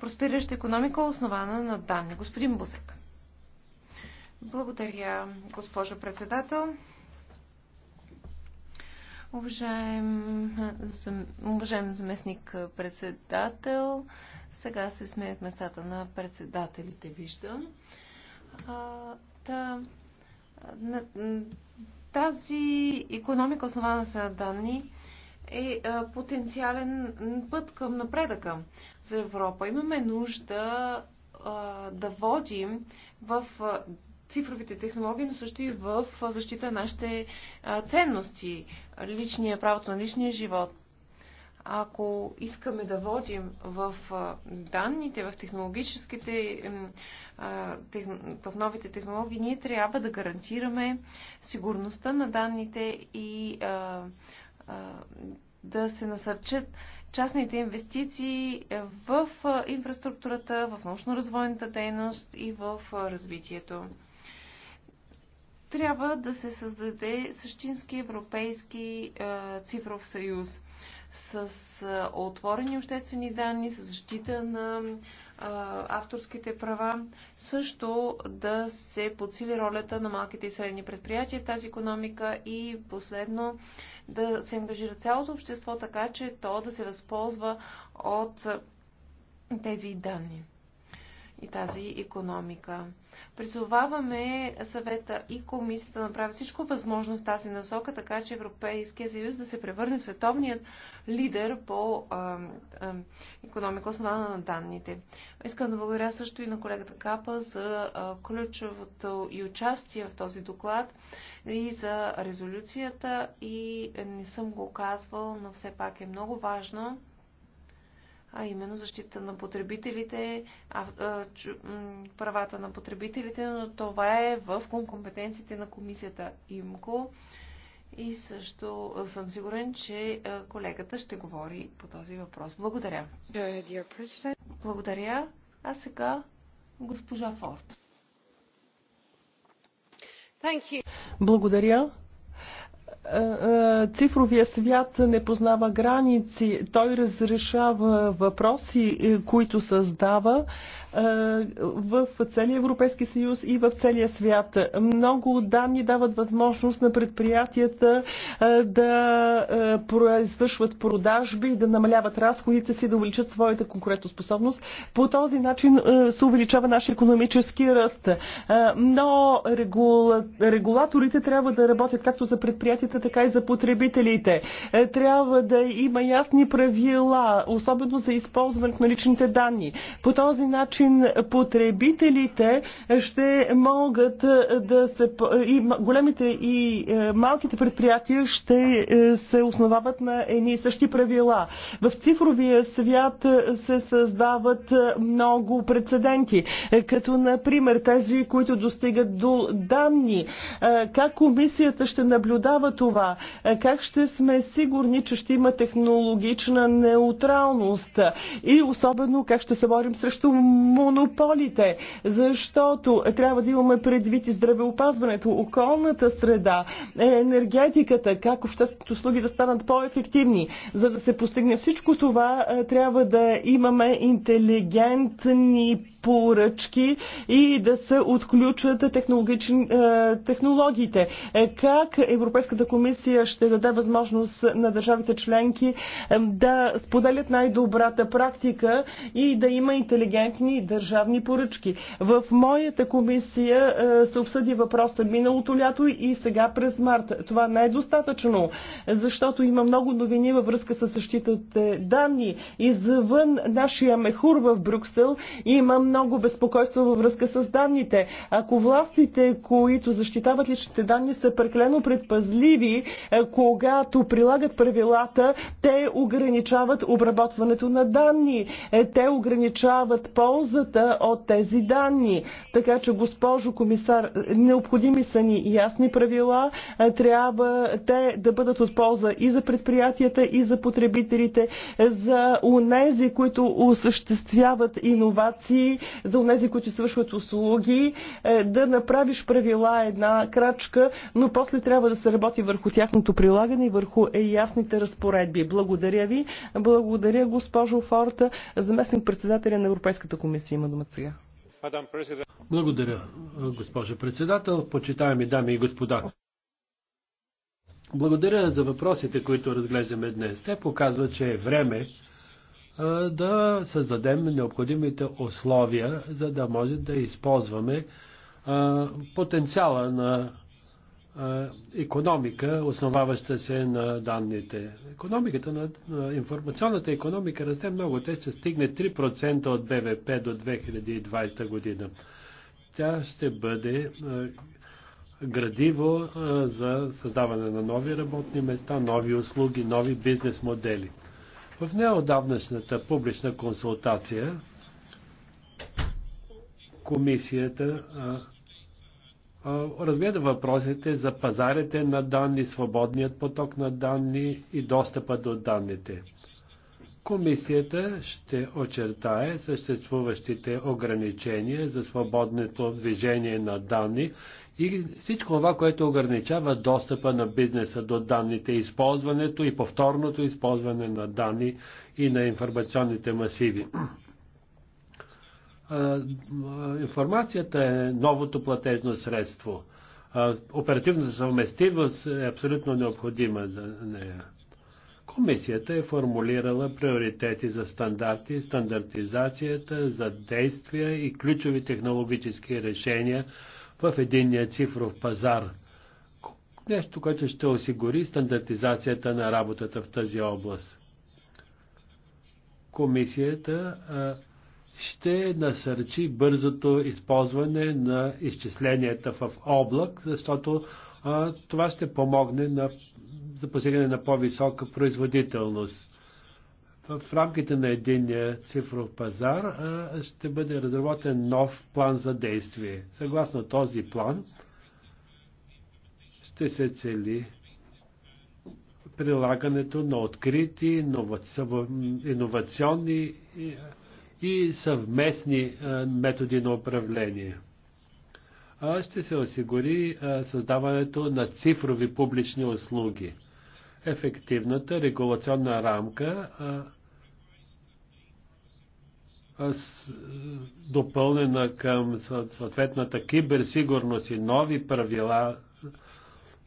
Проспираща економика, основана на данни. Господин Бусък. Благодаря, госпожо председател. Уважаем, уважаем заместник председател, сега се смеят местата на председателите, виждам. А, та, на, тази економика, основана на данни, е потенциален път към напредъка за Европа. Имаме нужда да водим в цифровите технологии, но също и в защита на нашите ценности, личния, правото на личния живот. Ако искаме да водим в данните, в технологическите, в новите технологии, ние трябва да гарантираме сигурността на данните и да се насърчат частните инвестиции в инфраструктурата, в научно-развойната дейност и в развитието. Трябва да се създаде същински европейски цифров съюз с отворени обществени данни, с защита на авторските права, също да се подсили ролята на малките и средни предприятия в тази економика и последно да се ангажира цялото общество така, че то да се възползва от тези данни и тази економика. Призоваваме съвета и комисията да направят всичко възможно в тази насока, така че Европейския съюз да се превърне в световният лидер по а, а, економика, основана на данните. Искам да благодаря също и на колегата Капа за ключовото и участие в този доклад и за резолюцията и не съм го казвал, но все пак е много важно а именно защита на потребителите, а, а, чу, правата на потребителите, но това е в компетенциите на комисията ИМКО. И също съм сигурен, че колегата ще говори по този въпрос. Благодаря. Благодаря. А сега госпожа Форд. Благодаря. Е, е, цифровия свят не познава граници. Той разрешава въпроси, е, които създава в целия Европейски съюз и в целия свят. Много данни дават възможност на предприятията да извършват продажби, да намаляват разходите си, да увеличат своята конкурентоспособност. По този начин се увеличава нашия економически ръст. Но регулаторите трябва да работят както за предприятията, така и за потребителите. Трябва да има ясни правила, особено за използването на личните данни. По този начин начин потребителите ще могат е, да се... И големите и е, малките предприятия ще е, се основават на едни и същи правила. В цифровия свят се създават много прецеденти, като например тези, които достигат до данни. Как комисията ще наблюдава това? Как ще сме сигурни, че ще има технологична неутралност? И особено как ще се борим срещу монополите, защото трябва да имаме предвид и здравеопазването, околната среда, енергетиката, как обществените услуги да станат по-ефективни. За да се постигне всичко това, е, трябва да имаме интелигентни поръчки и да се отключат технологични, е, технологиите. Е, как Европейската комисия ще даде възможност на държавите членки да споделят най-добрата практика и да има интелигентни държавни поръчки. В моята комисия е, се обсъди въпроса миналото лято и сега през март. Това не е достатъчно, защото има много новини във връзка с защитата данни. Извън нашия мехур в Брюксел има много безпокойство във връзка с данните. Ако властите, които защитават личните данни, са преклено предпазливи, е, когато прилагат правилата, те ограничават обработването на данни. Е, те ограничават полза ползата от тези данни. Така че, госпожо комисар, необходими са ни ясни правила. Е, трябва те да бъдат от полза и за предприятията, и за потребителите, е, за унези, които осъществяват иновации, за унези, които свършват услуги, е, да направиш правила една крачка, но после трябва да се работи върху тяхното прилагане и върху ясните разпоредби. Благодаря ви. Благодаря госпожо Форта, заместник председателя на Европейската комисия комисия има думата сега. Благодаря, госпожо председател. Почитаеми дами и господа. Благодаря за въпросите, които разглеждаме днес. Те показват, че е време да създадем необходимите условия, за да може да използваме потенциала на економика, основаваща се на данните. Економиката на, на информационната економика расте много. Те ще стигне 3% от БВП до 2020 година. Тя ще бъде градиво за създаване на нови работни места, нови услуги, нови бизнес модели. В неодавнашната публична консултация комисията разгледа въпросите за пазарите на данни, свободният поток на данни и достъпа до данните. Комисията ще очертае съществуващите ограничения за свободното движение на данни и всичко това, което ограничава достъпа на бизнеса до данните, използването и повторното използване на данни и на информационните масиви информацията е новото платежно средство. Оперативната съвместимост е абсолютно необходима за нея. Комисията е формулирала приоритети за стандарти, стандартизацията, за действия и ключови технологически решения в единния цифров пазар. Нещо, което ще осигури стандартизацията на работата в тази област. Комисията ще насърчи бързото използване на изчисленията в облак, защото а, това ще помогне на, за постигане на по-висока производителност. В, рамките на единния цифров пазар а, ще бъде разработен нов план за действие. Съгласно този план ще се цели прилагането на открити, иновационни и съвместни методи на управление. Ще се осигури създаването на цифрови публични услуги. Ефективната регулационна рамка допълнена към съответната киберсигурност и нови правила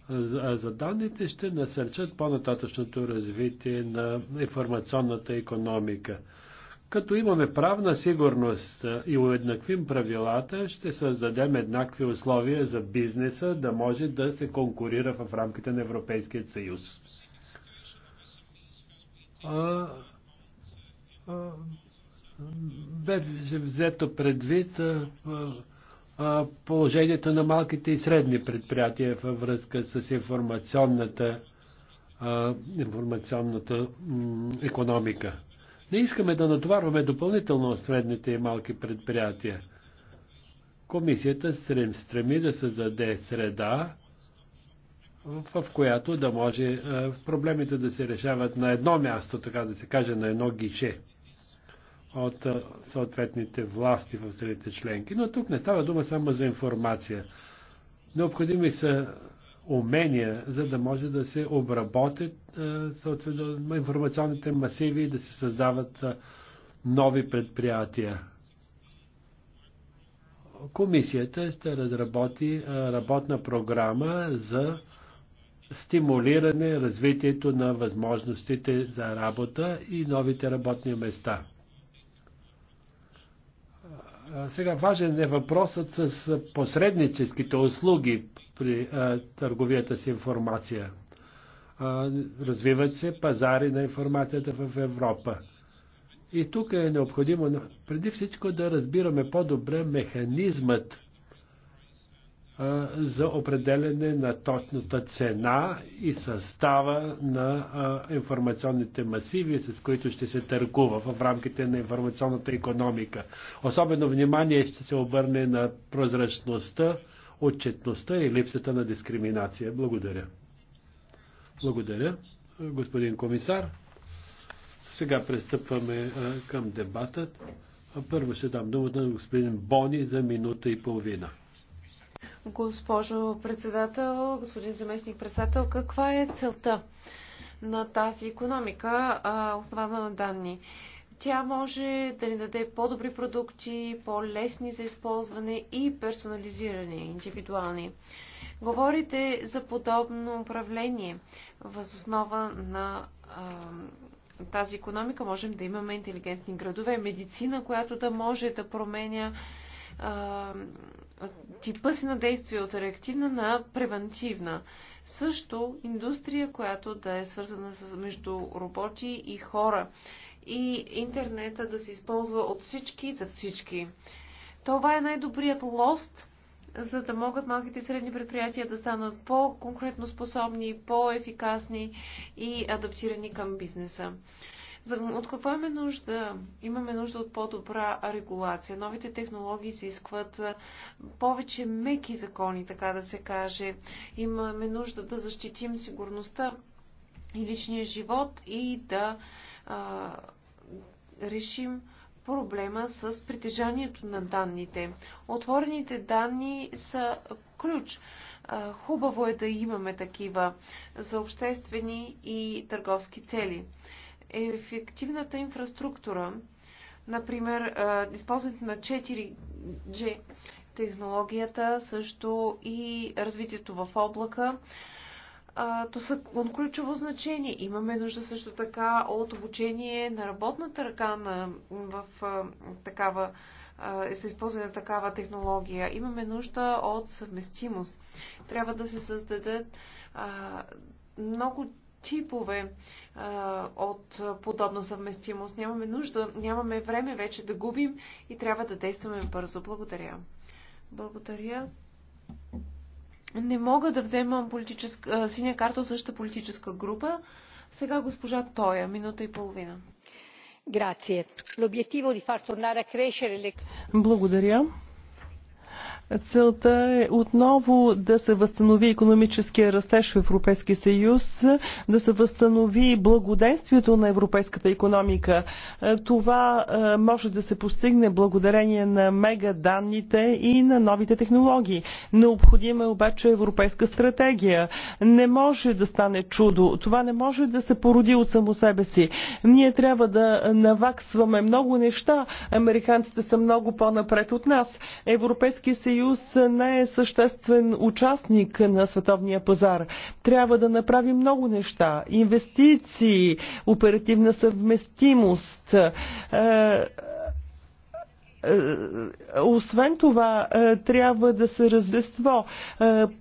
за данните ще насърчат по-нататъчното развитие на информационната економика. Като имаме правна сигурност и уеднаквим правилата, ще създадем еднакви условия за бизнеса да може да се конкурира в рамките на Европейския съюз. А, а, бе взето предвид а, а, положението на малките и средни предприятия във връзка с информационната, а, информационната м, економика. Не искаме да натоварваме допълнително средните и малки предприятия. Комисията стрем, стреми да създаде среда, в, в която да може в е, проблемите да се решават на едно място, така да се каже, на едно гише от е, съответните власти в страните членки. Но тук не става дума само за информация. Необходими са умения, за да може да се обработят съответно информационните масиви и да се създават нови предприятия. Комисията ще разработи работна програма за стимулиране развитието на възможностите за работа и новите работни места. Сега важен е въпросът с посредническите услуги, при а, е, търговията с информация. А, развиват се пазари на информацията в Европа. И тук е необходимо преди всичко да разбираме по-добре механизмът а, за определене на точната цена и състава на а, информационните масиви, с които ще се търгува в рамките на информационната економика. Особено внимание ще се обърне на прозрачността отчетността и липсата на дискриминация. Благодаря. Благодаря, господин комисар. Сега пристъпваме към дебатът. Първо ще дам думата на господин Бони за минута и половина. Госпожо председател, господин заместник председател, каква е целта на тази економика, основана на данни? Тя може да ни даде по-добри продукти, по-лесни за използване и персонализирани, индивидуални. Говорите за подобно управление. Възоснова на а, тази економика можем да имаме интелигентни градове, медицина, която да може да променя а, типа си на действие от реактивна на превентивна. Също индустрия, която да е свързана с, между роботи и хора и интернета да се използва от всички за всички. Това е най-добрият лост, за да могат малките и средни предприятия да станат по-конкретно способни, по-ефикасни и адаптирани към бизнеса. От какво имаме нужда? Имаме нужда от по-добра регулация. Новите технологии изискват повече меки закони, така да се каже. Имаме нужда да защитим сигурността и личния живот и да а, решим проблема с притежанието на данните. Отворените данни са ключ. Хубаво е да имаме такива за обществени и търговски цели. Ефективната инфраструктура, например, използването на 4G технологията, също и развитието в облака, а, то са от ключово значение. Имаме нужда също така от обучение на работната ръка на, в а, такава е, се използва на такава технология. Имаме нужда от съвместимост. Трябва да се създадат а, много типове а, от подобна съвместимост. Нямаме нужда, нямаме време вече да губим и трябва да действаме бързо. Благодаря. Благодаря не мога да вземам синя карта от същата политическа група. Сега госпожа Тоя, минута и половина. Благодаря. Целта е отново да се възстанови економическия растеж в Европейския съюз, да се възстанови благоденствието на европейската економика. Е, това е, може да се постигне благодарение на мегаданните и на новите технологии. Необходима е обаче европейска стратегия. Не може да стане чудо. Това не може да се породи от само себе си. Ние трябва да наваксваме много неща. Американците са много по-напред от нас. Европейския съюз съюз не е съществен участник на световния пазар. Трябва да направи много неща. Инвестиции, оперативна съвместимост, е, е, е, освен това, е, трябва да се развество.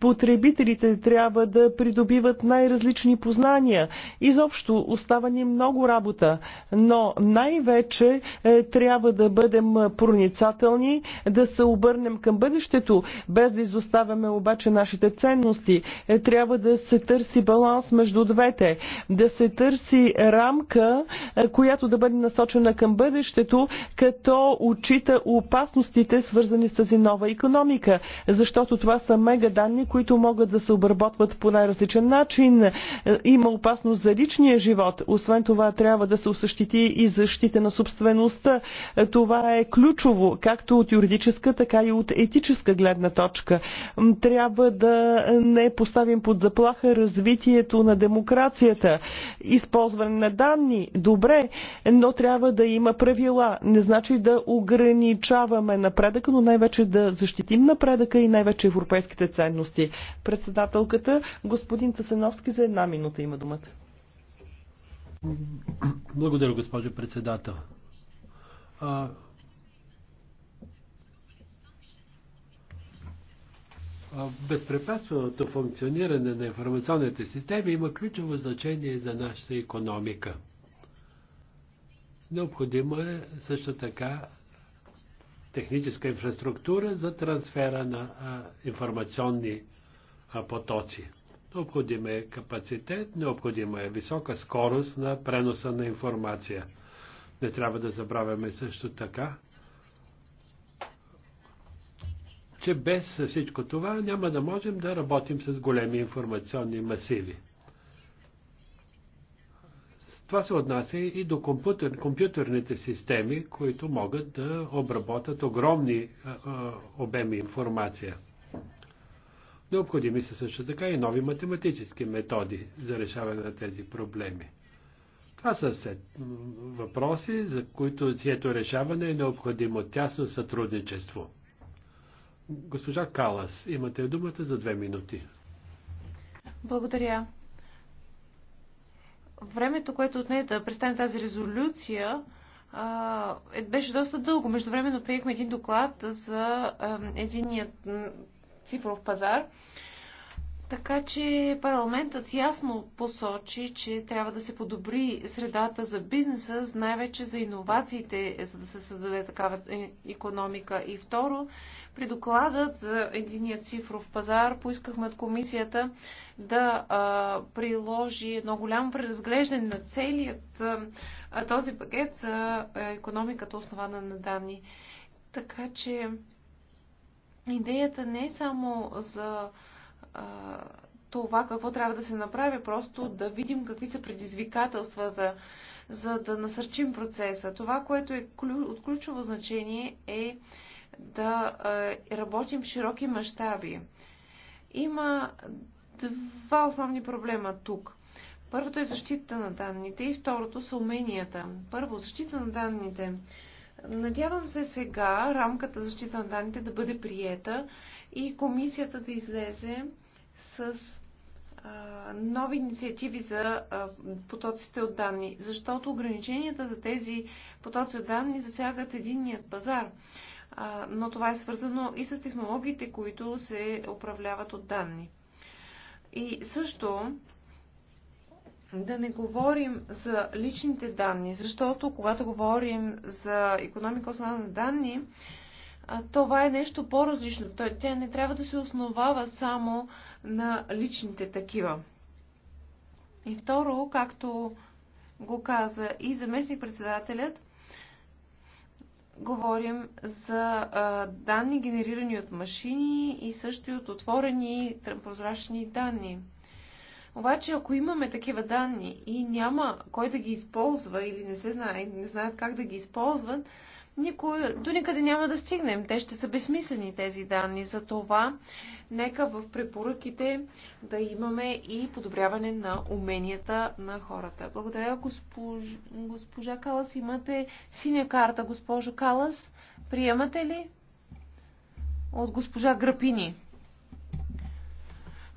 Потребителите трябва да придобиват най-различни познания. Изобщо остава ни много работа, но най-вече трябва да бъдем проницателни, да се обърнем към бъдещето, без да изоставяме обаче нашите ценности. Трябва да се търси баланс между двете, да се търси рамка, която да бъде насочена към бъдещето, като учител предвид опасностите, свързани с тази нова економика, защото това са мега данни, които могат да се обработват по най-различен начин. Е, има опасност за личния живот. Освен това, трябва да се осъщити и защита на собствеността. Е, това е ключово, както от юридическа, така и от етическа гледна точка. Трябва да не поставим под заплаха развитието на демокрацията. Използване на данни, добре, но трябва да има правила. Не значи да ограничим ограничаваме напредъка, но най-вече да защитим напредъка и най-вече европейските ценности. Председателката, господин Тасеновски, за една минута има думата. Благодаря, госпожо председател. А, Безпрепятственото функциониране на информационните системи има ключово значение за нашата економика. Необходимо е също така техническа инфраструктура за трансфера на а, информационни а, потоци. Необходим е капацитет, необходима е висока скорост на преноса на информация. Не трябва да забравяме също така, че без всичко това няма да можем да работим с големи информационни масиви. Това се отнася и до компютър, компютърните системи, които могат да обработят огромни а, а, обеми информация. Необходими са също така и нови математически методи за решаване на тези проблеми. Това са все въпроси, за които чието решаване е необходимо тясно сътрудничество. Госпожа Калас, имате думата за две минути. Благодаря времето, което отне да представим тази резолюция, е, беше доста дълго. Между времено приехме един доклад за единият цифров пазар така че парламентът ясно посочи, че трябва да се подобри средата за бизнеса, най-вече за иновациите, за да се създаде такава економика. И второ, при докладът за единия цифров пазар поискахме от комисията да а, приложи едно голямо преразглеждане на целият а, този пакет за економиката основана на данни. Така че идеята не е само за това какво трябва да се направи, просто да видим какви са предизвикателствата, за да насърчим процеса. Това, което е от ключово значение е да работим в широки мащаби. Има два основни проблема тук. Първото е защита на данните и второто са уменията. Първо, защита на данните. Надявам се сега рамката защита на данните да бъде приета и комисията да излезе с нови инициативи за потоците от данни, защото ограниченията за тези потоци от данни засягат единният пазар. Но това е свързано и с технологиите, които се управляват от данни. И също да не говорим за личните данни, защото когато говорим за економика основа на данни, това е нещо по-различно. Тя не трябва да се основава само на личните такива. И второ, както го каза и заместник-председателят, говорим за а, данни, генерирани от машини и също и от отворени прозрачни данни. Обаче, ако имаме такива данни и няма кой да ги използва или не се знае, не знаят как да ги използват, никой, до никъде няма да стигнем. Те ще са безсмислени тези данни. За това нека в препоръките да имаме и подобряване на уменията на хората. Благодаря, госпож... госпожа Калас. Имате синя карта, госпожо Калас. Приемате ли? От госпожа Грапини.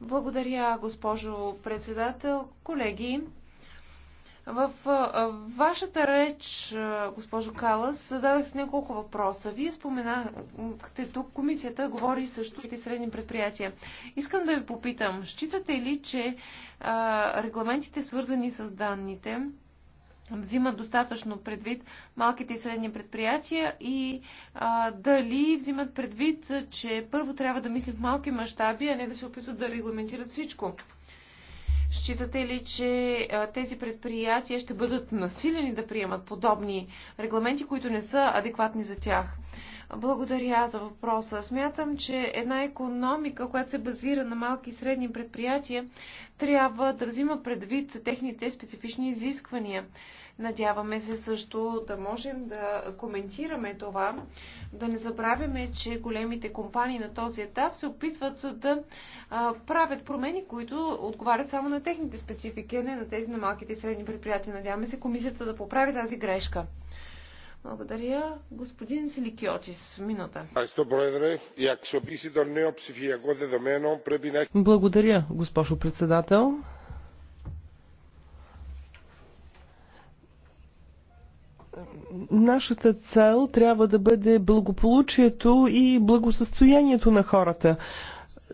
Благодаря, госпожо председател. Колеги, в вашата реч, госпожо Калас, зададахте няколко въпроса. Вие споменахте тук, комисията говори също и средни предприятия. Искам да ви попитам, считате ли, че а, регламентите свързани с данните взимат достатъчно предвид малките и средни предприятия и а, дали взимат предвид, че първо трябва да мислим в малки мащаби, а не да се опитват да регламентират всичко? Считате ли, че тези предприятия ще бъдат насилени да приемат подобни регламенти, които не са адекватни за тях? Благодаря за въпроса. Смятам, че една економика, която се базира на малки и средни предприятия, трябва да взима предвид техните специфични изисквания. Надяваме се също да можем да коментираме това, да не забравяме, че големите компании на този етап се опитват да правят промени, които отговарят само на техните специфики, а не на тези на малките и средни предприятия. Надяваме се комисията да поправи тази грешка. Благодаря. Господин Силикиотис, минута. Благодаря, госпожо председател. нашата цел трябва да бъде благополучието и благосъстоянието на хората.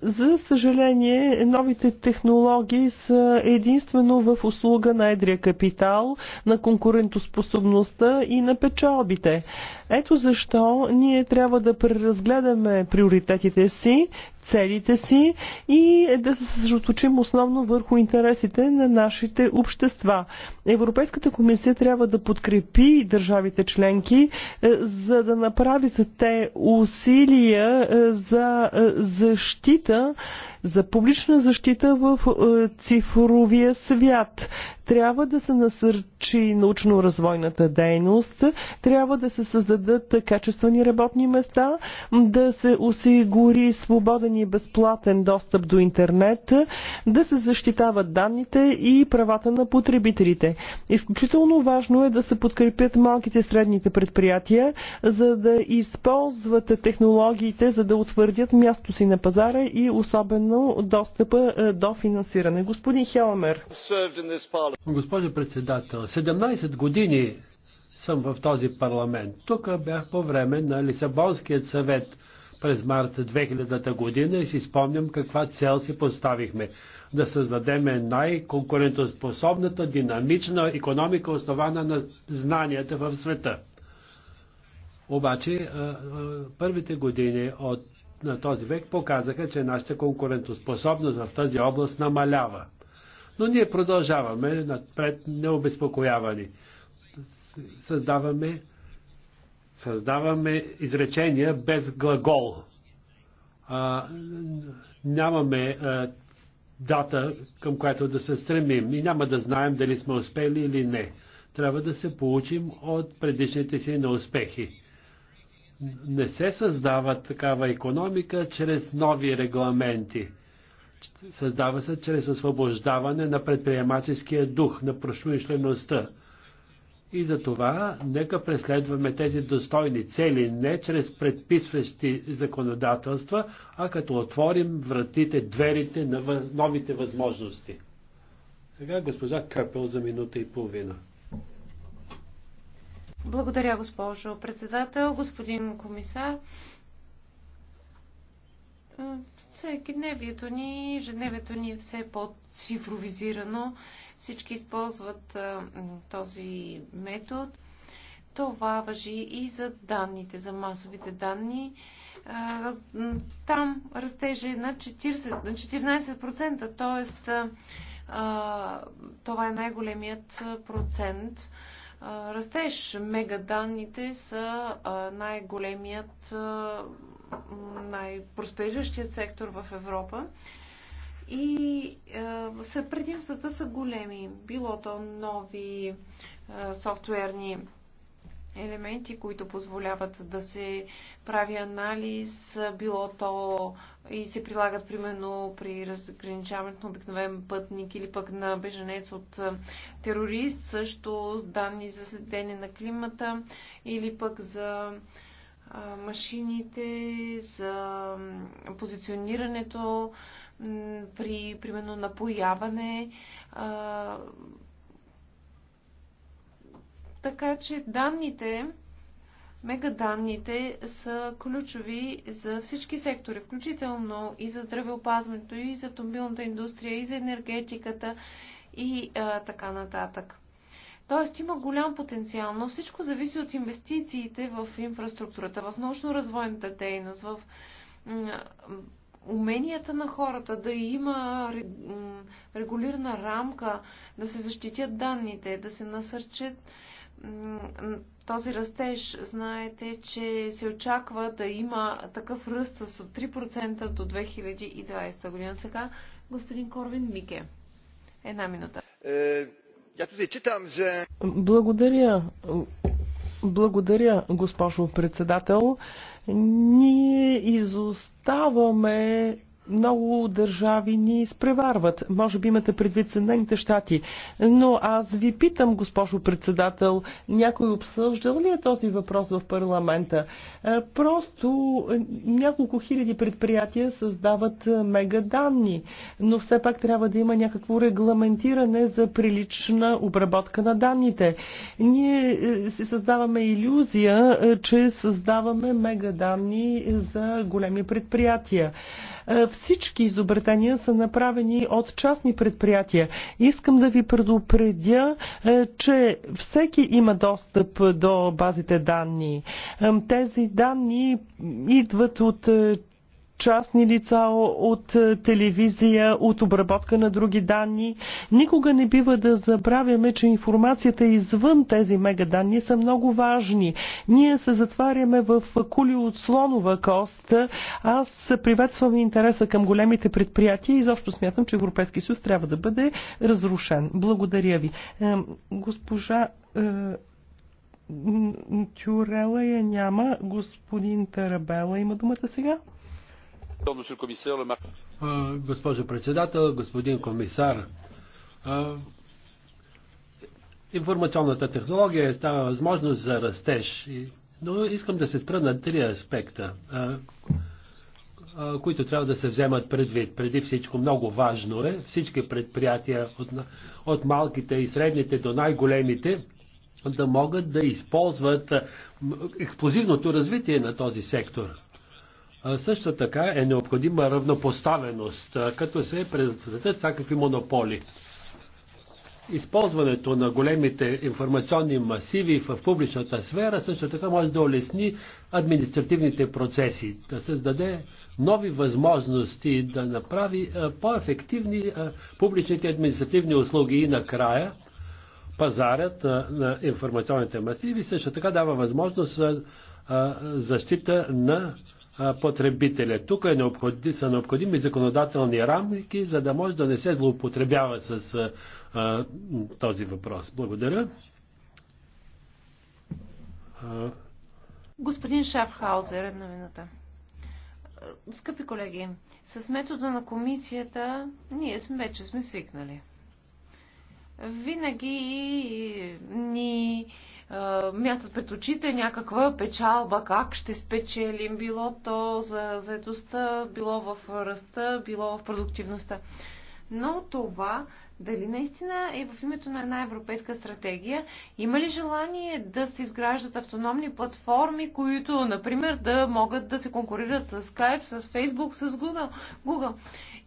За съжаление, новите технологии са единствено в услуга на едрия капитал, на конкурентоспособността и на печалбите. Ето защо ние трябва да преразгледаме приоритетите си, целите си и да се съсредоточим основно върху интересите на нашите общества. Европейската комисия трябва да подкрепи държавите членки, е, за да направят те усилия е, за е, защита за публична защита в цифровия свят. Трябва да се насърчи научно-развойната дейност, трябва да се създадат качествени работни места, да се осигури свободен и безплатен достъп до интернет, да се защитават данните и правата на потребителите. Изключително важно е да се подкрепят малките и средните предприятия, за да използват технологиите, за да утвърдят място си на пазара и особено достъпа е, до финансиране. Господин Хелмер. Госпожо председател, 17 години съм в този парламент. Тук бях по време на Лисабонският съвет през март 2000 година и си спомням каква цел си поставихме. Да създадеме най-конкурентоспособната, динамична економика, основана на знанията в света. Обаче, първите години от, на този век показаха, че нашата конкурентоспособност в тази област намалява. Но ние продължаваме напред необезпокоявани. Създаваме, създаваме изречения без глагол. А, нямаме а, дата, към която да се стремим и няма да знаем дали сме успели или не. Трябва да се получим от предишните си неуспехи. Не се създава такава економика чрез нови регламенти – Създава се чрез освобождаване на предприемаческия дух, на прошмишлеността. И за това нека преследваме тези достойни цели не чрез предписващи законодателства, а като отворим вратите, дверите на новите възможности. Сега госпожа Къпел за минута и половина. Благодаря, госпожо председател, господин комисар. Е, всеки дневието ни, ежедневието ни е все по-цифровизирано. Всички използват е, този метод. Това въжи и за данните, за масовите данни. Е, там растежа на, 40, на 14%, т.е. това е най-големият процент растеж. Мегаданните са най-големият, най-проспериращият сектор в Европа. И е, предимствата са големи. Било то нови е, софтуерни елементи, които позволяват да се прави анализ, било то и се прилагат примерно при разграничаването на обикновен пътник или пък на беженец от терорист, също данни за следение на климата или пък за машините, за позиционирането при, примерно, напояване, така че данните, мегаданните са ключови за всички сектори, включително и за здравеопазването, и за автомобилната индустрия, и за енергетиката и а, така нататък. Тоест има голям потенциал, но всичко зависи от инвестициите в инфраструктурата, в научно-развойната дейност, в уменията на хората да има регулирана рамка, да се защитят данните, да се насърчат този растеж, знаете, че се очаква да има такъв ръст с 3% до 2020 година. Сега господин Корвин Мике. Една минута. Е, Благодаря. Благодаря, госпожо председател. Ние изоставаме много държави ни изпреварват. Може би имате предвид Съединените щати. Но аз ви питам, госпожо председател, някой обсъждал ли е този въпрос в парламента? Е, просто е, няколко хиляди предприятия създават е, мегаданни, но все пак трябва да има някакво регламентиране за прилична обработка на данните. Ние си създаваме иллюзия, че създаваме мегаданни за големи предприятия всички изобретения са направени от частни предприятия. Искам да ви предупредя, е, че всеки има достъп до базите данни. Тези данни идват от е, частни лица, от е, телевизия, от обработка на други данни. Никога не бива да забравяме, че информацията извън тези мегаданни са много важни. Ние се затваряме в кули от слонова кост. Аз приветствам интереса към големите предприятия и защо смятам, че Европейски съюз трябва да бъде разрушен. Благодаря ви. Е, госпожа е, Тюрела я няма. Господин Тарабела има думата сега. Госпожо председател, господин комисар, информационната технология става възможност за растеж, но искам да се спра на три аспекта, които трябва да се вземат предвид. Преди всичко много важно е всички предприятия от, от малките и средните до най-големите да могат да използват експлозивното развитие на този сектор – също така е необходима равнопоставеност, като се предотвратят всякакви монополи. Използването на големите информационни масиви в публичната сфера също така може да улесни административните процеси, да създаде нови възможности да направи по-ефективни публичните административни услуги и накрая пазарят на информационните масиви също така дава възможност за защита на потребителя. Тук е необходи, са необходими законодателни рамки, за да може да не се злоупотребява с а, този въпрос. Благодаря. Господин Шафхаузер, една минута. Скъпи колеги, с метода на комисията ние сме, вече сме свикнали. Винаги ни мятат пред очите някаква печалба, как ще спечелим, било то за заедостта, било в ръста, било в продуктивността. Но това дали наистина е в името на една европейска стратегия? Има ли желание да се изграждат автономни платформи, които, например, да могат да се конкурират с Skype, с Facebook, с Google? Google?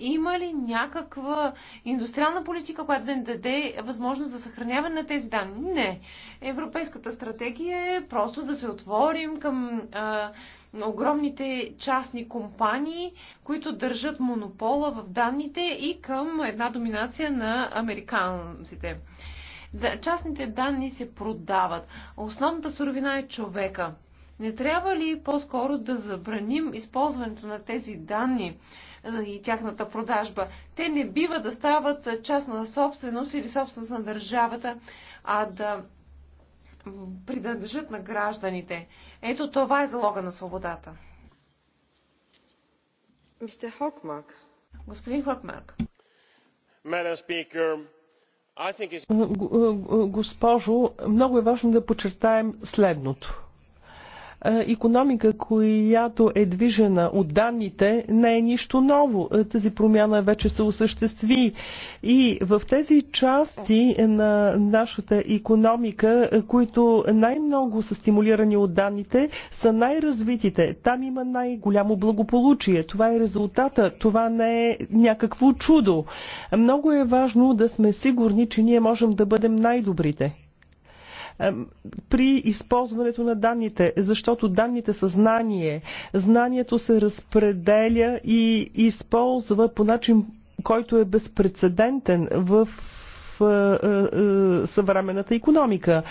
Има ли някаква индустриална политика, която да ни даде възможност за съхраняване на тези данни? Не. Европейската стратегия е просто да се отворим към а, огромните частни компании, които държат монопола в данните и към една доминация на американците. Да, частните данни се продават. Основната суровина е човека. Не трябва ли по-скоро да забраним използването на тези данни? и тяхната продажба. Те не бива да стават част на собственост или собственост на държавата, а да принадлежат на гражданите. Ето това е залога на свободата. Мистер Хокмарк. Господин Хокмарк. Госпожо, много е важно да подчертаем следното е, економика, която е движена от данните, не е нищо ново. Е, тази промяна вече се осъществи. И в тези части на нашата економика, е, които най-много са стимулирани от данните, са най-развитите. Там има най-голямо благополучие. Това е резултата. Това не е някакво чудо. Много е важно да сме сигурни, че ние можем да бъдем най-добрите при използването на данните, защото данните са знание. Знанието се разпределя и използва по начин, който е безпредседентен в е, е, е, съвременната економика.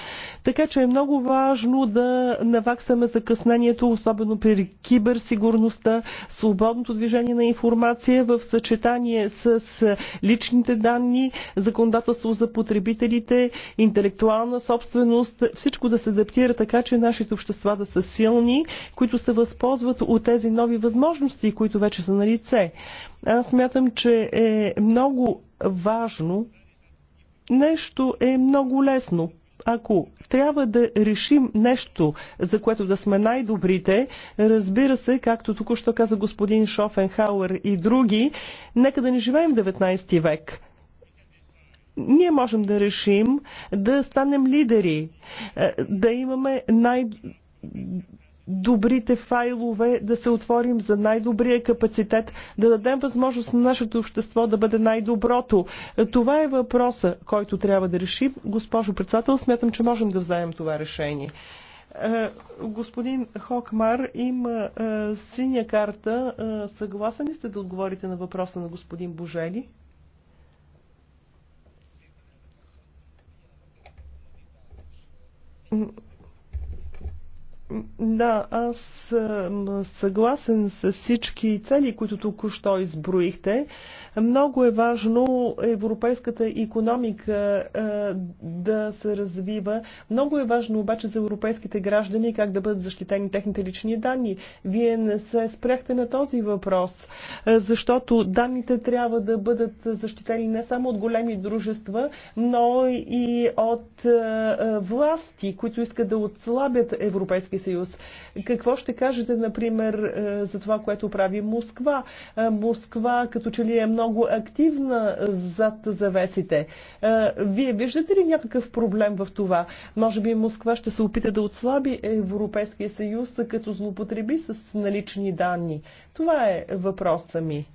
Така че е много важно да наваксаме закъснението, особено при киберсигурността, свободното движение на информация в съчетание с личните данни, законодателство за потребителите, интелектуална собственост, всичко да се адаптира така, че нашите общества да са силни, които се възползват от тези нови възможности, които вече са на лице. Аз смятам, че е много важно нещо е много лесно. Ако трябва да решим нещо, за което да сме най-добрите, разбира се, както току-що каза господин Шофенхауер и други, нека да не живеем 19 век ние можем да решим да станем лидери, е, да имаме най най-добрите файлове, да се отворим за най-добрия капацитет, да дадем възможност на нашето общество да бъде най-доброто. Това е въпроса, който трябва да решим. Госпожо председател, смятам, че можем да вземем това решение. Е, господин Хокмар има е, синя карта. Е, съгласен ли сте да отговорите на въпроса на господин Божели? Mm-hmm. Да, аз съм съгласен с всички цели, които току-що изброихте. Много е важно европейската економика е, да се развива. Много е важно обаче за европейските граждани как да бъдат защитени техните лични данни. Вие не се спряхте на този въпрос, е, защото данните трябва да бъдат защитени не само от големи дружества, но и от е, власти, които искат да отслабят европейски съюз. Какво ще кажете, например, е, за това, което прави Москва? Е, Москва като че ли е много активна зад завесите. Е, Вие виждате ли някакъв проблем в това? Може би Москва ще се опита да отслаби Европейския съюз, като злоупотреби с налични данни. Това е въпроса ми.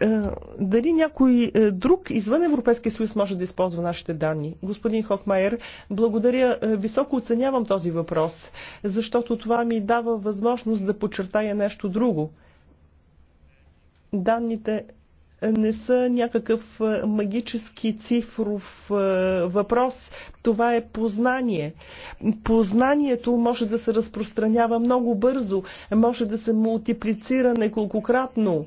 Е, дали някой е, друг извън Европейския съюз може да използва нашите данни? Господин Хокмайер, благодаря. Е, високо оценявам този въпрос, защото това ми дава възможност да подчертая нещо друго. Данните не са някакъв магически цифров въпрос. Това е познание. Познанието може да се разпространява много бързо, може да се мултиплицира неколкократно.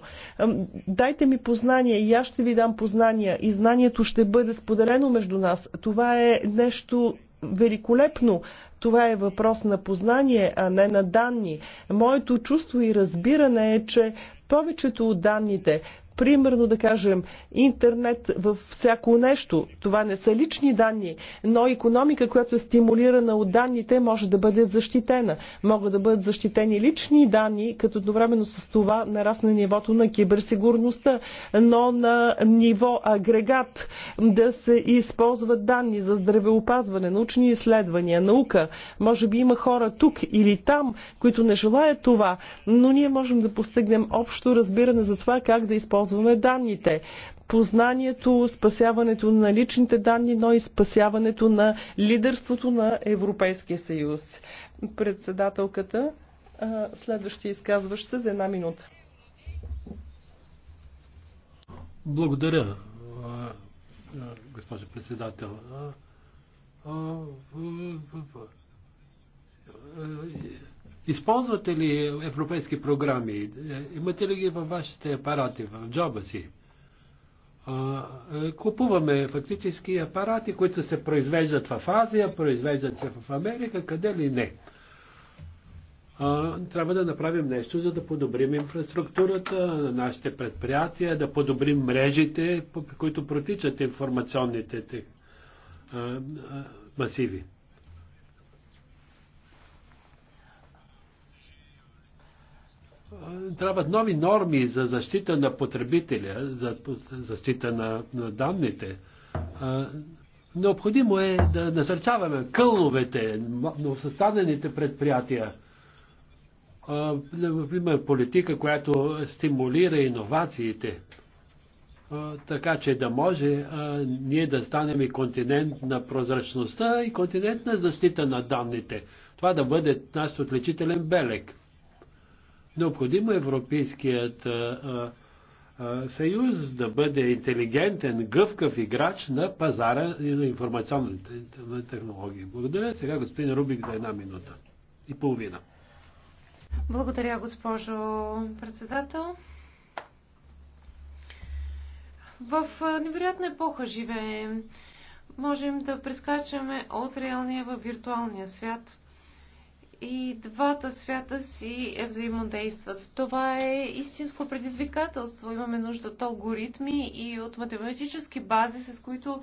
Дайте ми познание и аз ще ви дам познания и знанието ще бъде споделено между нас. Това е нещо великолепно. Това е въпрос на познание, а не на данни. Моето чувство и разбиране е, че повечето от данните, Примерно да кажем, интернет във всяко нещо. Това не са лични данни, но економика, която е стимулирана от данните, може да бъде защитена. Могат да бъдат защитени лични данни, като едновременно с това нарасне нивото на киберсигурността, но на ниво агрегат да се използват данни за здравеопазване, научни изследвания, наука. Може би има хора тук или там, които не желаят това, но ние можем да постигнем общо разбиране за това как да използваме използваме данните. Познанието, спасяването на личните данни, но и спасяването на лидерството на Европейския съюз. Председателката, следващия изказващ се за една минута. Благодаря, госпожо председател. Използвате ли европейски програми? Е, имате ли ги във вашите апарати, в джоба си? Е, купуваме фактически апарати, които се произвеждат в Азия, произвеждат се в Америка, къде ли не. Трябва да направим нещо, за да подобрим инфраструктурата на нашите предприятия, да подобрим мрежите, по които протичат информационните масиви. трябват нови норми за защита на потребителя, за защита на, на данните. Необходимо е да насърчаваме кълновете, новосъставените предприятия. Има политика, която стимулира иновациите, така че да може ние да станем и континент на прозрачността и континент на защита на данните. Това да бъде наш отличителен белег. Необходимо е Европейският съюз да бъде интелигентен, гъвкав играч на пазара и на информационните технологии. Благодаря. Сега господин Рубик за една минута и половина. Благодаря, госпожо председател. В невероятна епоха живеем. Можем да прескачаме от реалния във виртуалния свят и двата свята си взаимодействат. Това е истинско предизвикателство. Имаме нужда от алгоритми и от математически бази, с които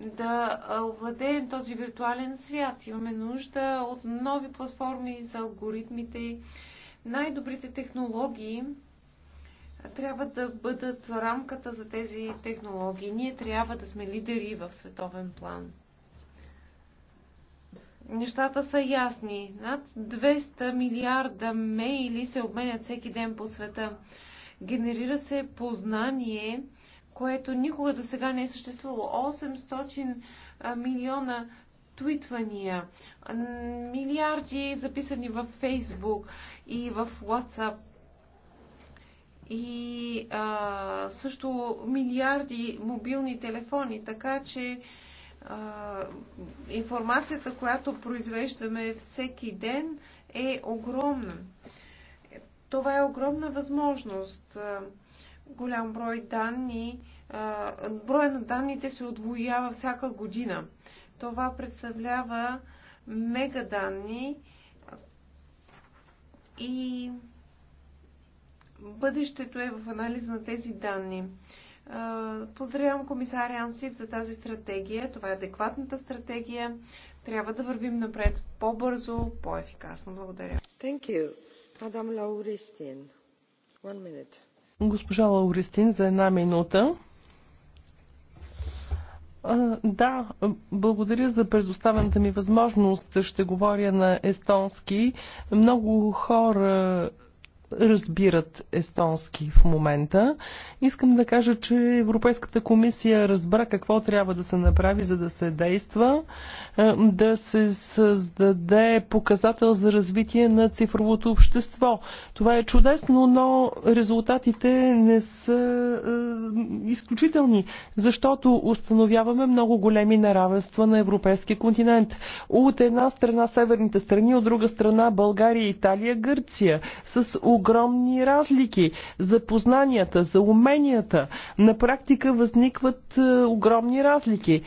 да овладеем този виртуален свят. Имаме нужда от нови платформи за алгоритмите. Най-добрите технологии трябва да бъдат рамката за тези технологии. Ние трябва да сме лидери в световен план нещата са ясни. Над 200 милиарда мейли се обменят всеки ден по света. Генерира се познание, което никога до сега не е съществувало. 800 милиона твитвания, милиарди записани във Фейсбук и в WhatsApp. И а, също милиарди мобилни телефони, така че а, информацията, която произвеждаме всеки ден, е огромна. Това е огромна възможност. Голям брой данни, броя на данните се отвоява всяка година. Това представлява мегаданни и бъдещето е в анализ на тези данни. Поздравявам комисар Ансип за тази стратегия. Това е адекватната стратегия. Трябва да вървим напред по-бързо, по-ефикасно. Благодаря. Thank you. Мадам Lauristin. One minute. Госпожа Лауристин за една минута. Да, благодаря за предоставената ми възможност. Ще говоря на естонски. Много хора разбират естонски в момента. Искам да кажа, че Европейската комисия разбра какво трябва да се направи, за да се действа, е, да се създаде показател за развитие на цифровото общество. Това е чудесно, но резултатите не са е, изключителни, защото установяваме много големи неравенства на европейския континент. От една страна северните страни, от друга страна България, Италия, Гърция. С огромни разлики за познанията, за уменията. На практика възникват е, огромни разлики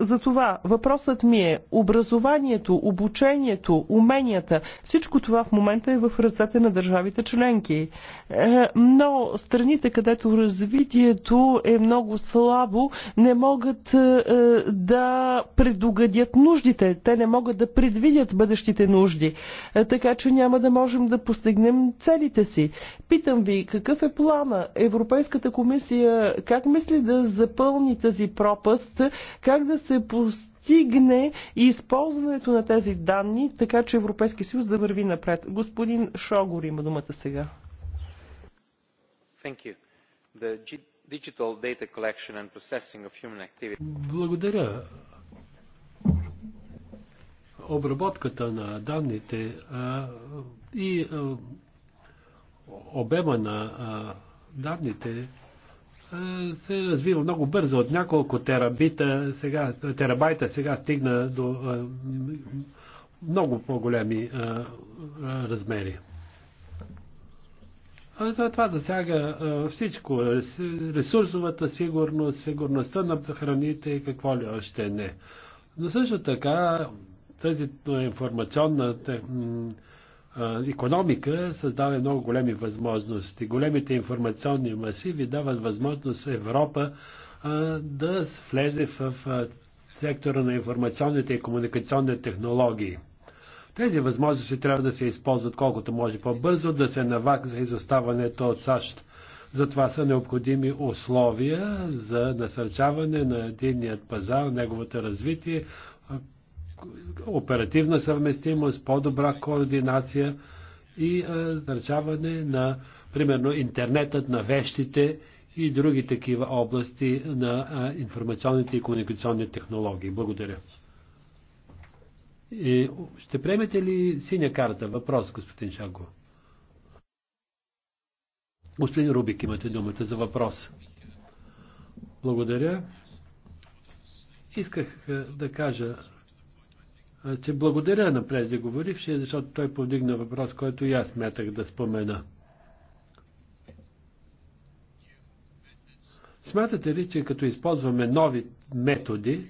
за това въпросът ми е образованието, обучението, уменията, всичко това в момента е в ръцете на държавите членки. Е, но страните, където развитието е много слабо, не могат е, да предугадят нуждите. Те не могат да предвидят бъдещите нужди. Е, така че няма да можем да постигнем целите си. Питам ви, какъв е плана? Европейската комисия как мисли да запълни тази пропаст? Как как да се постигне използването на тези данни, така че Европейски съюз да върви напред. Господин Шогор има думата сега. Благодаря. Обработката на данните а, и а, обема на а, данните се развива много бързо. От няколко терабита, сега, терабайта сега стигна до а, много по-големи размери. А, това засяга а, всичко. Ресурсовата сигурност, сигурността на храните и какво ли още не. Но също така тази информационна економика създава много големи възможности. Големите информационни масиви дават възможност Европа да влезе в сектора на информационните и комуникационни технологии. Тези възможности трябва да се използват колкото може по-бързо, да се навак за изоставането от САЩ. Затова са необходими условия за насърчаване на единният пазар, неговото развитие, оперативна съвместимост, по-добра координация и значаване на, примерно, интернетът на вещите и други такива области на информационните и комуникационни технологии. Благодаря. И ще приемете ли синя карта? Въпрос, господин Шаго. Господин Рубик, имате думата за въпрос. Благодаря. Исках да кажа че благодаря на преждеговорившия, защото той повдигна въпрос, който и аз мятах да спомена. Смятате ли, че като използваме нови методи,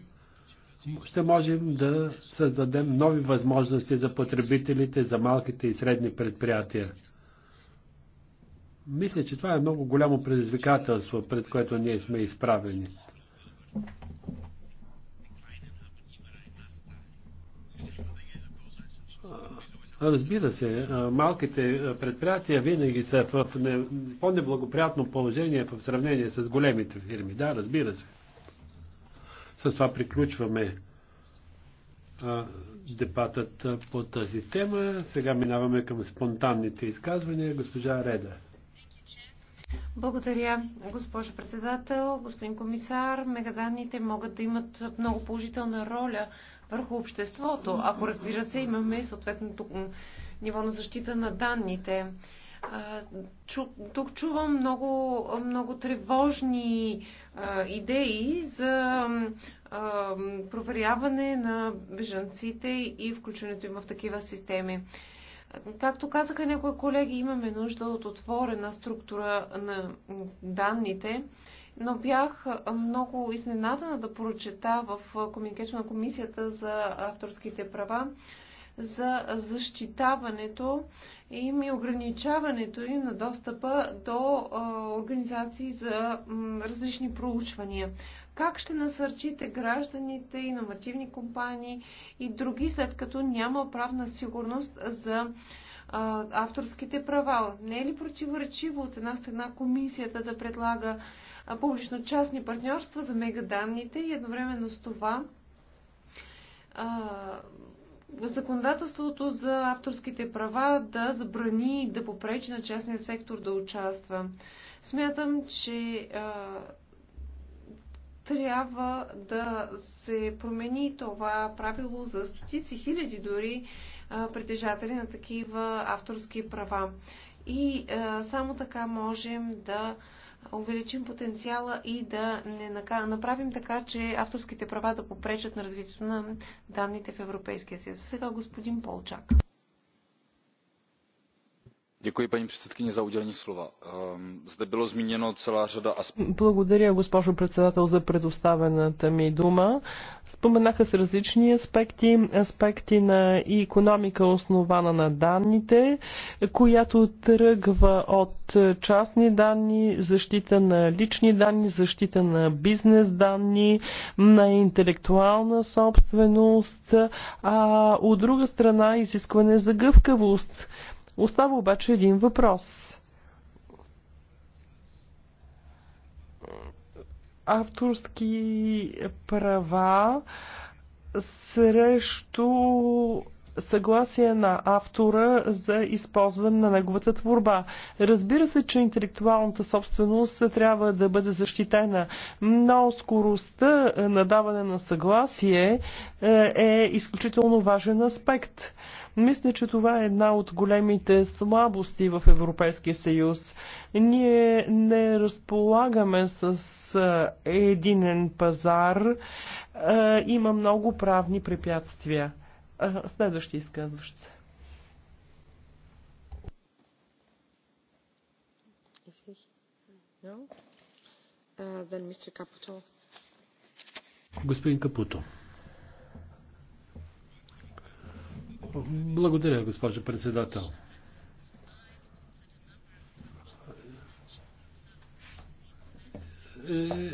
ще можем да създадем нови възможности за потребителите, за малките и средни предприятия? Мисля, че това е много голямо предизвикателство, пред което ние сме изправени. Разбира се, малките предприятия винаги са в не, по-неблагоприятно положение в сравнение с големите фирми. Да, разбира се. С това приключваме дебатът по тази тема. Сега минаваме към спонтанните изказвания. Госпожа Реда. Благодаря, госпожо председател, господин комисар. Мегаданните могат да имат много положителна роля върху обществото, ако разбира се имаме съответното ниво на защита на данните. Чу, тук чувам много, много тревожни а, идеи за а, проверяване на бежанците и включването им в такива системи. Както казаха някои колеги, имаме нужда от отворена структура на данните, но бях много изненадана да прочета в комуникето на Комисията за авторските права за защитаването им и ограничаването им на достъпа до организации за различни проучвания. Как ще насърчите гражданите, иновативни компании и други, след като няма правна сигурност за авторските права. Не е ли противоречиво от една страна комисията да предлага публично-частни партньорства за мегаданните и едновременно с това законодателството за авторските права да забрани и да попречи на частния сектор да участва. Смятам, че а, трябва да се промени това правило за стотици хиляди дори а, притежатели на такива авторски права. И а, само така можем да а, увеличим потенциала и да не направим така, че авторските права да попречат на развитието на данните в Европейския съюз. Сега господин Полчак paní předsedající ehm, zde byla zmíněna celá řada aspektů. Благодаря, госпожо председател, за предоставената ми дума. Споменаха се различни аспекти. Аспекти на економика, основана на данните, която тръгва от частни данни, защита на лични данни, защита на бизнес данни, на интелектуална собственост, а от друга страна изискване за гъвкавост Остава обаче един въпрос. Авторски права срещу съгласие на автора за използване на неговата творба. Разбира се, че интелектуалната собственост трябва да бъде защитена, но скоростта на даване на съгласие е, е изключително важен аспект. Мисля, че това е една от големите слабости в Европейския съюз. Ние не разполагаме с единен пазар. Има много правни препятствия. Следващи изказващ се. Uh, Господин Капуто. Благодаря, госпожо председател. Е,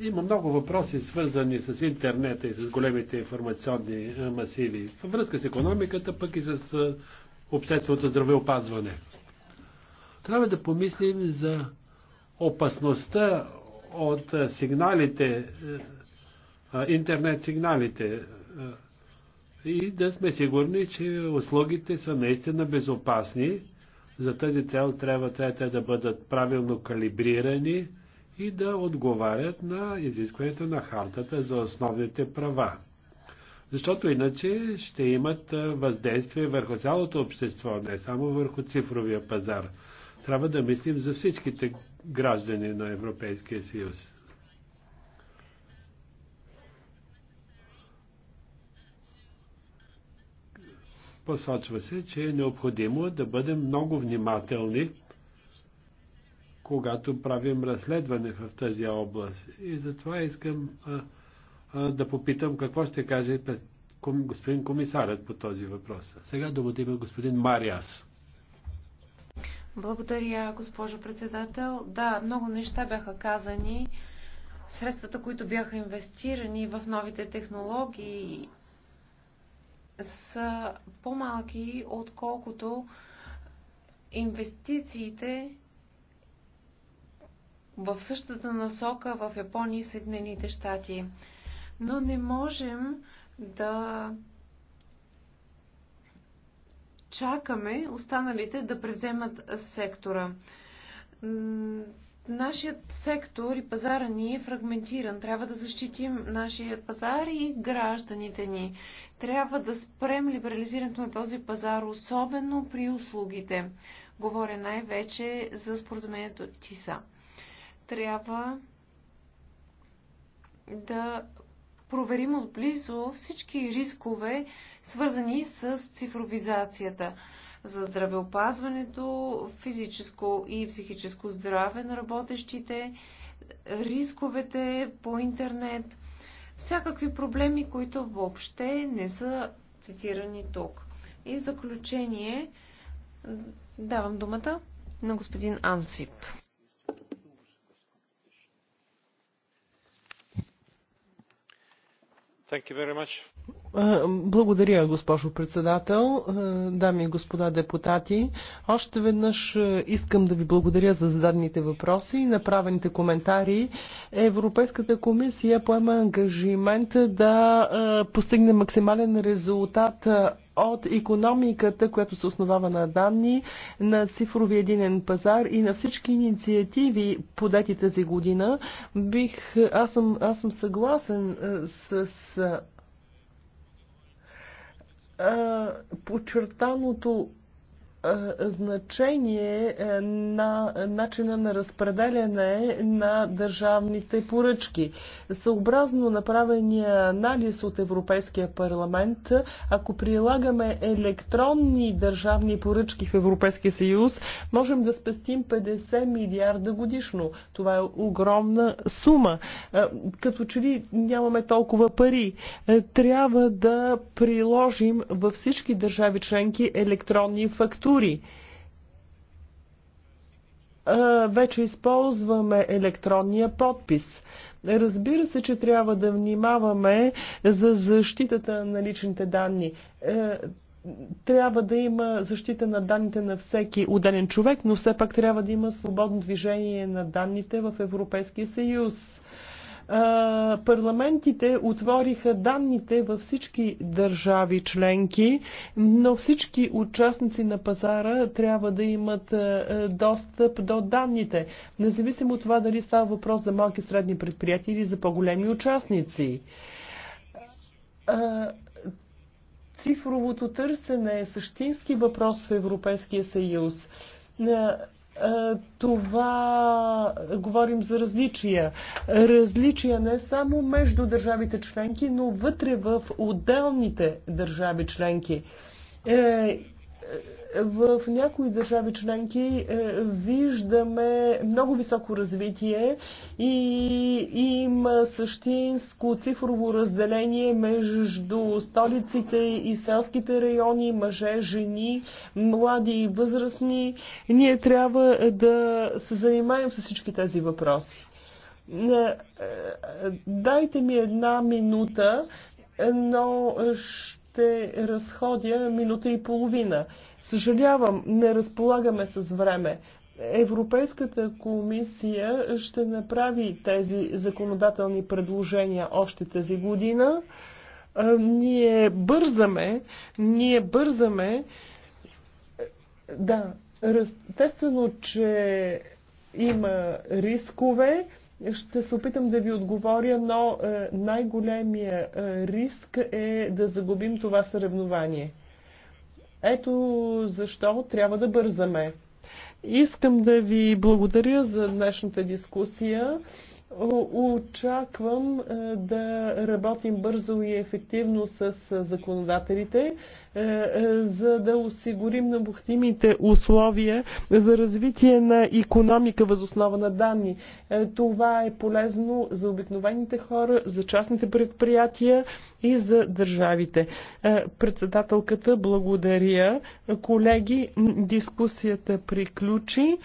има много въпроси, свързани с интернета и с големите информационни е, масиви, във връзка с економиката, пък и с е, общественото здравеопазване. Трябва да помислим за опасността от сигналите, интернет сигналите, и да сме сигурни, че услугите са наистина безопасни. За тази цел трябва, те да бъдат правилно калибрирани и да отговарят на изискването на хартата за основните права. Защото иначе ще имат въздействие върху цялото общество, не само върху цифровия пазар. Трябва да мислим за всичките граждани на Европейския съюз. Посочва се, че е необходимо да бъдем много внимателни, когато правим разследване в тази област. И затова искам а, а, да попитам какво ще каже господин комисарът по този въпрос. Сега думата господин Мариас. Благодаря, госпожо председател. Да, много неща бяха казани. Средствата, които бяха инвестирани в новите технологии са по-малки, отколкото инвестициите в същата насока в Япония и Съединените щати. Но не можем да чакаме останалите да преземат сектора. Нашият сектор и пазара ни е фрагментиран. Трябва да защитим нашия пазар и гражданите ни. Трябва да спрем либерализирането на този пазар, особено при услугите. Говоря най-вече за споразумението ТИСА. Трябва да проверим отблизо всички рискове, свързани с цифровизацията – за здравеопазването, физическо и психическо здраве на работещите, рисковете по интернет, всякакви проблеми, които въобще не са цитирани тук. И в заключение давам думата на господин Ансип. Thank you very much. Благодаря, госпожо председател, дами и господа депутати. Още веднъж искам да ви благодаря за зададените въпроси и направените коментари. Европейската комисия поема ангажимент да постигне максимален резултат от економиката, която се основава на данни, на цифрови единен пазар и на всички инициативи подети тази година, бих, аз, съм, аз съм съгласен с, с подчертаното значение е, на начина на разпределяне на държавните поръчки. Съобразно направения анализ от Европейския парламент, ако прилагаме електронни държавни поръчки в Европейския съюз, можем да спестим 50 милиарда годишно. Това е огромна сума. Е, като че ли нямаме толкова пари, е, трябва да приложим във всички държави членки електронни фактури кандидатури. Вече използваме електронния подпис. Разбира се, че трябва да внимаваме за защитата на личните данни е, трябва да има защита на данните на всеки отделен човек, но все пак трябва да има свободно движение на данните в Европейския съюз. Парламентите отвориха данните във всички държави членки, но всички участници на пазара трябва да имат достъп до данните, независимо от това дали става въпрос за малки и средни предприятия или за по-големи участници цифровото търсене е същински въпрос в Европейския съюз. Е, това е, говорим за различия. Различия не само между държавите членки, но вътре в отделните държави членки. Е, в някои държави членки е, виждаме много високо развитие и има същинско цифрово разделение между столиците и селските райони, мъже, жени, млади и възрастни. Ние трябва да се занимаем с всички тези въпроси. Е, е, дайте ми една минута, но ще разходя минута и половина. Съжалявам, не разполагаме с време. Европейската комисия ще направи тези законодателни предложения още тази година. Ние бързаме, ние бързаме. Да, естествено, че има рискове. Ще се опитам да ви отговоря, но е, най-големия е, риск е да загубим това съревнование. Ето защо трябва да бързаме. Искам да ви благодаря за днешната дискусия. Очаквам е, да работим бързо и ефективно с е, законодателите, е, за да осигурим необходимите условия за развитие на економика възоснова на данни. Това е полезно за обикновените хора, за частните предприятия и за държавите. Председателката благодаря. Колеги, дискусията приключи.